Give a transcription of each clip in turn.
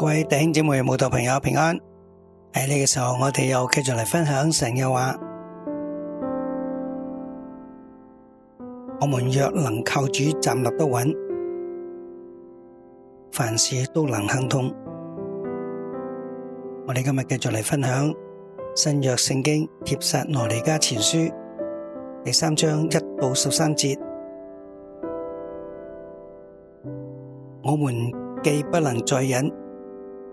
各位弟兄姊妹、信徒朋友平安！喺呢個時候，我哋又繼續嚟分享神嘅話。我們若能靠主站立得穩，凡事都能亨通。我哋今日繼續嚟分享新約聖經帖撒羅尼迦前書第三章一到十三節。我們既不能再忍。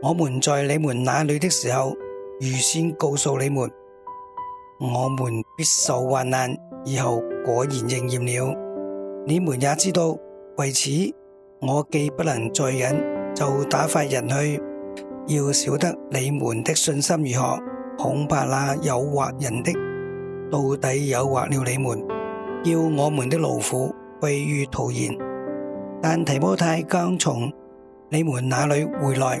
我們在你們那裏的時候，預先告訴你們，我們必受患難。以後果然應驗了，你們也知道。為此，我既不能再忍，就打發人去，要曉得你們的信心如何。恐怕那誘惑人的，到底誘惑了你們，叫我們的勞苦歸於徒然。但提摩太剛從你們那裏回來。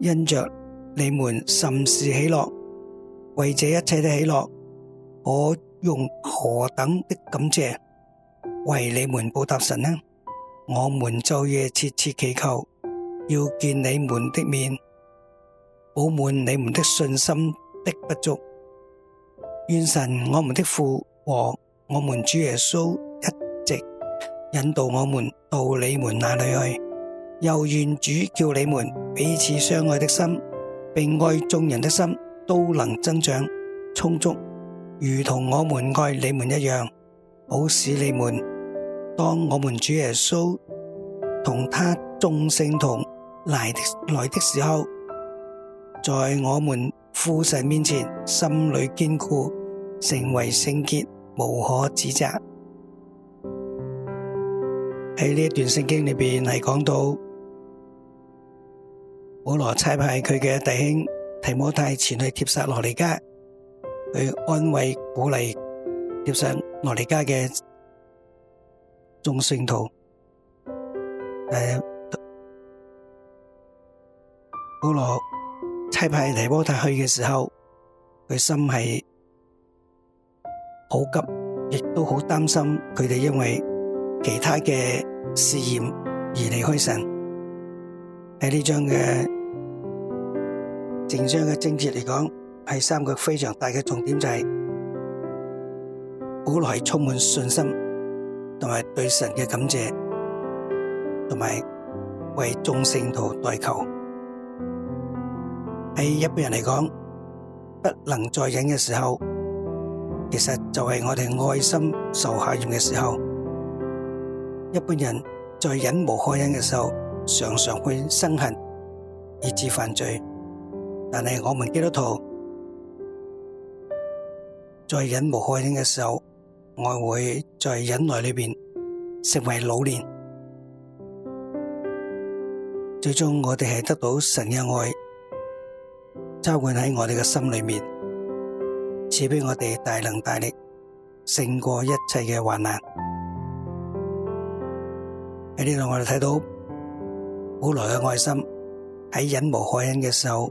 因着你們甚是喜樂，為這一切的喜樂，我用何等的感謝為你們報答神呢？我們晝夜切切祈求，要見你們的面，補滿你們的信心的不足。願神我們的父和我們主耶穌一直引導我們到你們那裏去。又願主叫你們彼此相愛的心，並愛眾人的心都能增長充足，如同我們愛你們一樣，好使你們當我們主耶穌同他眾聖同來的來的時候，在我們父神面前心裏堅固，成為聖潔，無可指責。喺呢一段聖經裏邊係講到。保羅差派佢嘅弟兄提摩太前去貼殺羅尼加，去安慰鼓勵貼殺羅尼加嘅眾聖徒。誒，保羅差派提摩，提摩太去嘅時候，佢心係好急，亦都好擔心佢哋因為其他嘅試驗而離開神。喺呢張嘅。正商嘅正節嚟講，係三個非常大嘅重點，就係古來係充滿信心，同埋對神嘅感謝，同埋為眾聖徒代求。喺一般人嚟講，不能再忍嘅時候，其實就係我哋愛心受考驗嘅時候。一般人在忍無可忍嘅時候，常常會生恨，以致犯罪。但係我們基督徒在忍無可忍嘅時候，我會在忍耐裏邊成為老練，最終我哋係得到神嘅愛，澆灌喺我哋嘅心裏面，賜俾我哋大能大力，勝過一切嘅患難。喺呢度我哋睇到保羅嘅愛心喺忍無可忍嘅時候。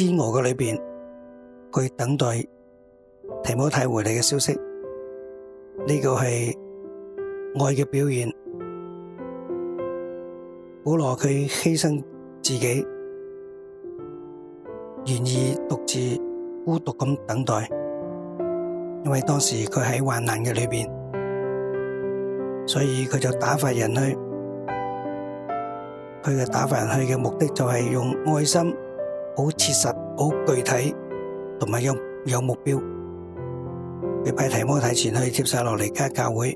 煎熬嘅裏邊，佢等待提摩太回嚟嘅消息。呢個係愛嘅表現。保羅佢犧牲自己，願意獨自孤獨咁等待，因為當時佢喺患難嘅裏邊，所以佢就打發人去。佢嘅打發人去嘅目的就係用愛心。好切實、好具體，同埋有有目標。佢派提摩太前去帖撒羅尼迦教會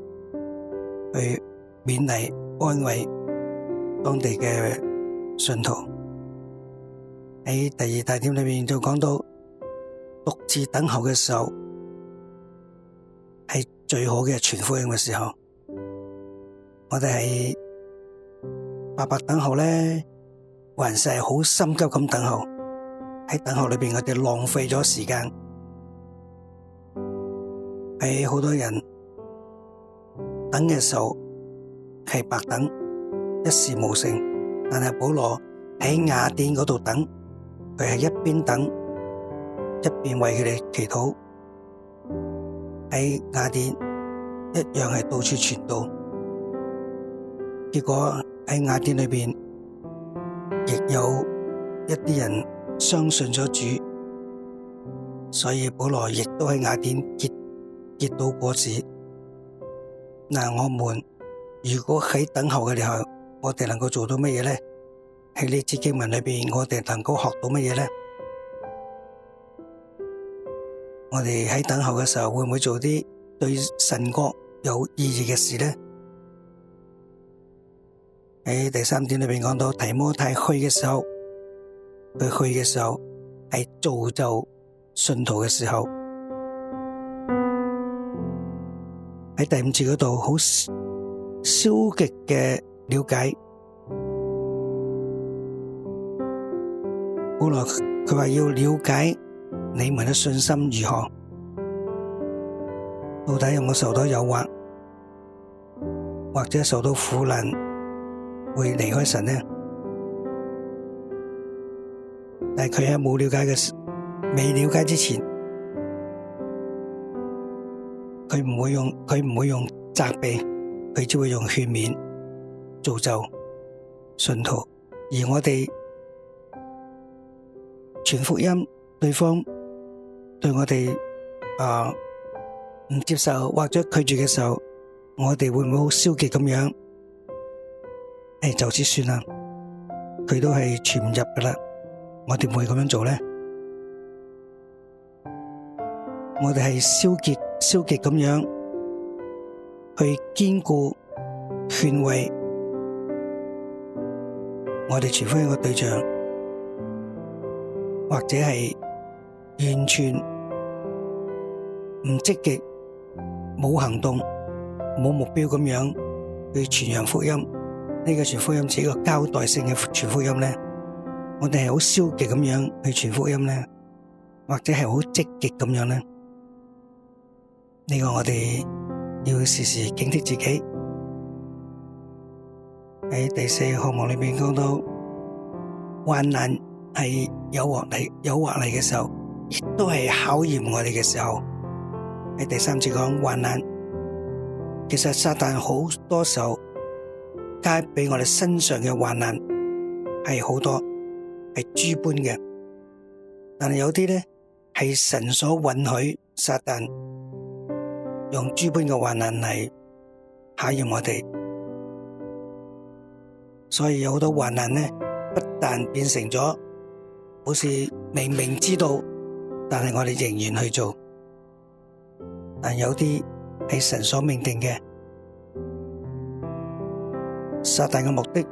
去勉勵、安慰當地嘅信徒。喺第二大點裏面就講到，獨自等候嘅時候係最好嘅傳福音嘅時候。我哋係白白等候咧，還是係好心急咁等候？喺等候裏邊，我哋浪費咗時間。喺好多人等嘅時候，係白等，一事無成。但係保羅喺雅典嗰度等，佢係一邊等，一邊為佢哋祈禱。喺雅典一樣係到處傳道，結果喺雅典裏邊，亦有一啲人。相信咗主，所以保羅亦都喺雅典結結到果子。嗱，我們如果喺等候嘅時候，我哋能夠做到乜嘢咧？喺呢次經文裏邊，我哋能夠學到乜嘢咧？我哋喺等候嘅時候，會唔會做啲對神國有意義嘅事咧？喺第三點裏邊講到提摩太虛嘅時候。佢去嘅時候，係造就信徒嘅時候，喺第五次嗰度好消極嘅了解。本來佢話要了解你們嘅信心如何，到底有冇受到誘惑，或者受到苦難會離開神呢？但係佢喺冇了解嘅時，未了解之前，佢唔會用佢唔會用責備，佢只會用勸勉、造就信徒。而我哋傳福音，對方對我哋啊唔接受或者拒絕嘅時候，我哋會唔會好消極咁樣？誒、哎，就此算啦，佢都係傳唔入噶啦。我點會咁樣做咧？我哋係消極、消極咁樣去堅固權位，我哋傳福音嘅對象，或者係完全唔積極、冇行動、冇目標咁樣去傳揚福音，呢個傳福音係一個交代性嘅傳福音咧。我哋係好消極咁樣去傳福音呢，或者係好積極咁樣呢？呢個我哋要時時警惕自己。喺第四項目裏面講到，患難係誘惑你、誘惑你嘅時候，亦都係考驗我哋嘅時候。喺第三次講患難，其實撒但好多時候，加畀我哋身上嘅患難係好多。係諸般嘅，但係有啲咧係神所允許撒旦用諸般嘅患難嚟考驗我哋，所以有好多患難咧不但變成咗好似明明知道，但係我哋仍然去做，但有啲係神所命定嘅，撒旦嘅目的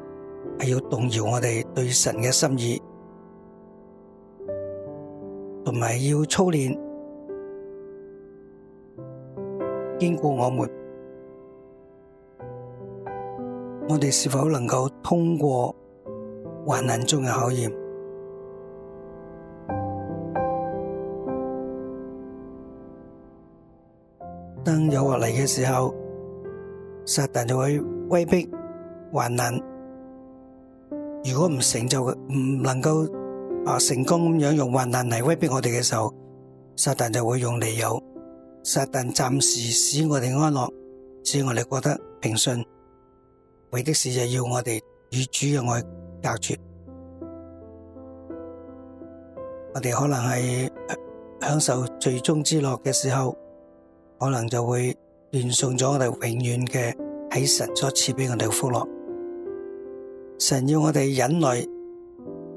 係要動搖我哋對神嘅心意。同埋要操練，兼顧我，我們，我哋是否能夠通過患難中嘅考驗？當誘惑嚟嘅時候，撒旦就會威逼患難。如果唔成就，唔能夠。啊！成功咁樣用患難嚟威逼我哋嘅時候，撒旦就會用理由，撒旦暫時使我哋安樂，使我哋覺得平順，為的是就是就要我哋與主嘅愛隔絕。我哋可能係享受罪中之樂嘅時候，可能就會斷送咗我哋永遠嘅喺神所賜俾我哋嘅福樂。神要我哋忍耐。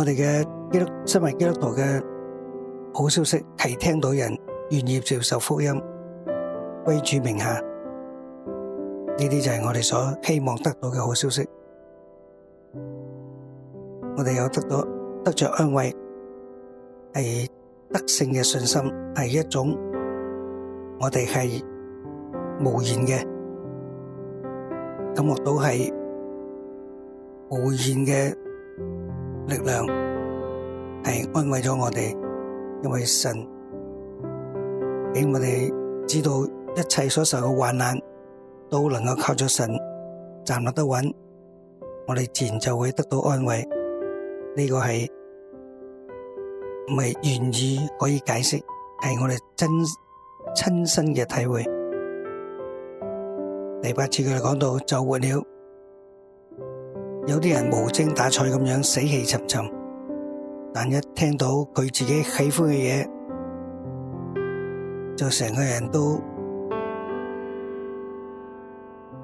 我哋嘅基督身為基督徒嘅好消息係聽到人願意接受福音歸主名下，呢啲就係我哋所希望得到嘅好消息。我哋有得到得着安慰，係得勝嘅信心，係一種我哋係無言嘅，感覺到係無言嘅。力量係安慰咗我哋，因為神俾我哋知道一切所受嘅患難都能夠靠住神站立得穩，我哋自然就會得到安慰。呢個係唔係言語可以解釋，係我哋真親身嘅體會。第八次佢哋講到就活了。有啲人無精打采咁樣死氣沉沉，但一聽到佢自己喜歡嘅嘢，就成個人都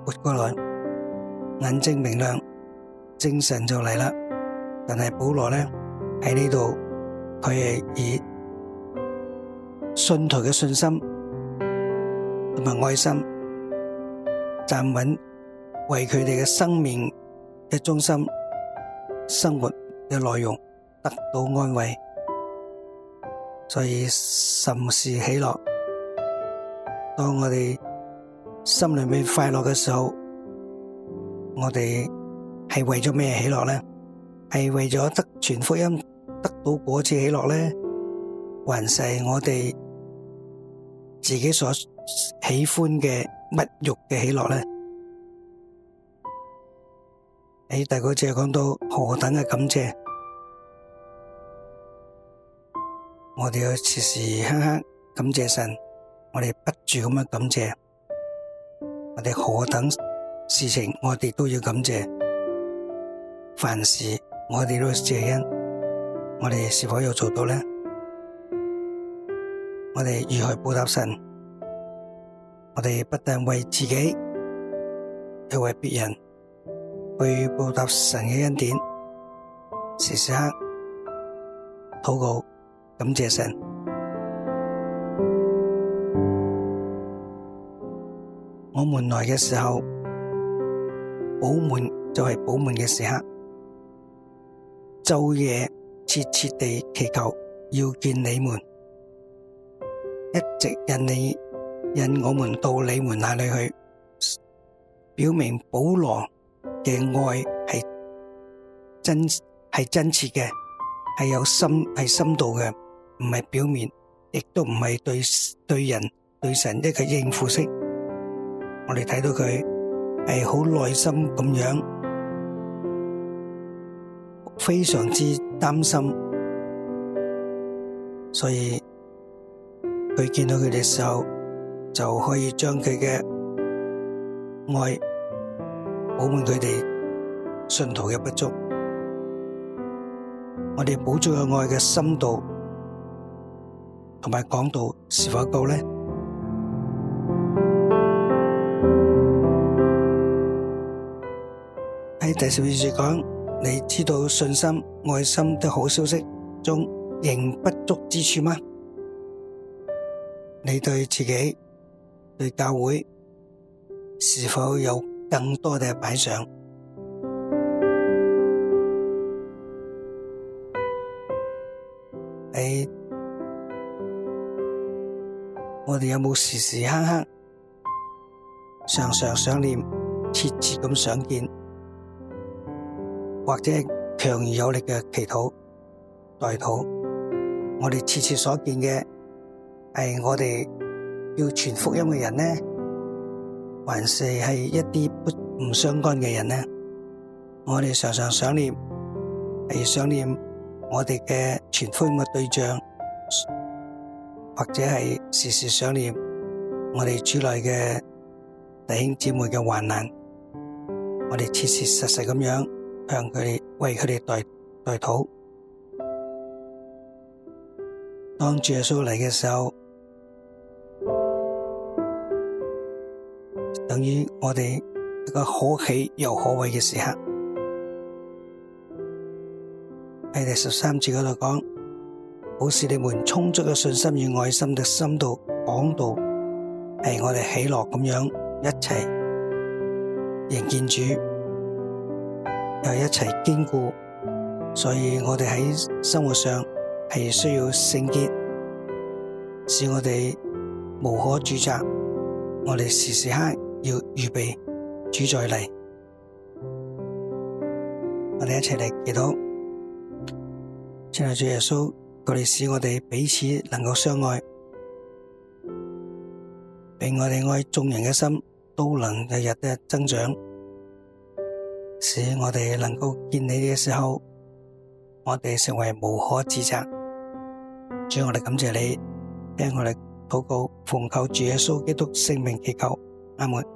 活過來，眼睛明亮，精神就嚟啦。但係保羅呢，喺呢度，佢係以信徒嘅信心同埋愛心站穩，為佢哋嘅生命，嘅中心生活嘅內容，得到安慰，所以甚是喜樂。當我哋心裏面快樂嘅時候，我哋係為咗咩喜樂咧？係為咗得全福音，得到嗰次喜樂咧，還是我哋自己所喜歡嘅物欲嘅喜樂咧？喺、哎、第二個就講到何等嘅感謝，我哋要時時刻刻感謝神，我哋不住咁樣感謝，我哋何等事情我哋都要感謝，凡事我哋都要謝恩，我哋是否有做到呢？我哋如何報答神？我哋不但為自己，亦為別人。去報答神嘅恩典，時時刻禱告感謝神。我們來嘅時候，寶門就係寶門嘅時刻，晝夜切切地祈求要見你們，一直引你引我們到你們那裏去，表明保羅。嘅愛係真係真切嘅，係有深係深度嘅，唔係表面，亦都唔係對對人對神一個應付式。我哋睇到佢係好耐心咁樣，非常之擔心，所以佢見到佢嘅時候就可以將佢嘅愛。補滿佢哋信徒嘅不足，我哋保障嘅愛嘅深度同埋廣度是否夠呢？喺第十二節說講，你知道信心愛心的好消息中仍不足之處嗎？你對自己、對教會是否有？更多嘅擺上，你我哋有冇時時刻刻、常常想念、切切咁想見，或者強而有力嘅祈禱代禱？我哋切切所見嘅係我哋要傳福音嘅人呢？還是係一啲不唔相干嘅人呢？我哋常常想念，係想念我哋嘅傳福音嘅對象，或者係時時想念我哋主內嘅弟兄姊妹嘅患難，我哋切切實實咁樣向佢哋為佢哋代代禱。當耶穌嚟嘅時候。於我哋一個可喜又可畏嘅時刻，喺第十三節嗰度講，好使你們充足嘅信心與愛心嘅深度廣度係我哋喜樂咁樣一齊迎見主，又一齊堅固。所以我哋喺生活上係需要聖潔，使我哋無可指責。我哋時時刻。要預備主在嚟，我哋一齊嚟祈禱。親愛主耶穌，佢哋使我哋彼此能夠相愛，俾我哋愛眾人嘅心都能日日嘅增長，使我哋能夠見你嘅時候，我哋成為無可指責。主，我哋感謝你，聽我哋禱告，奉靠主耶穌基督聖名祈求，阿門。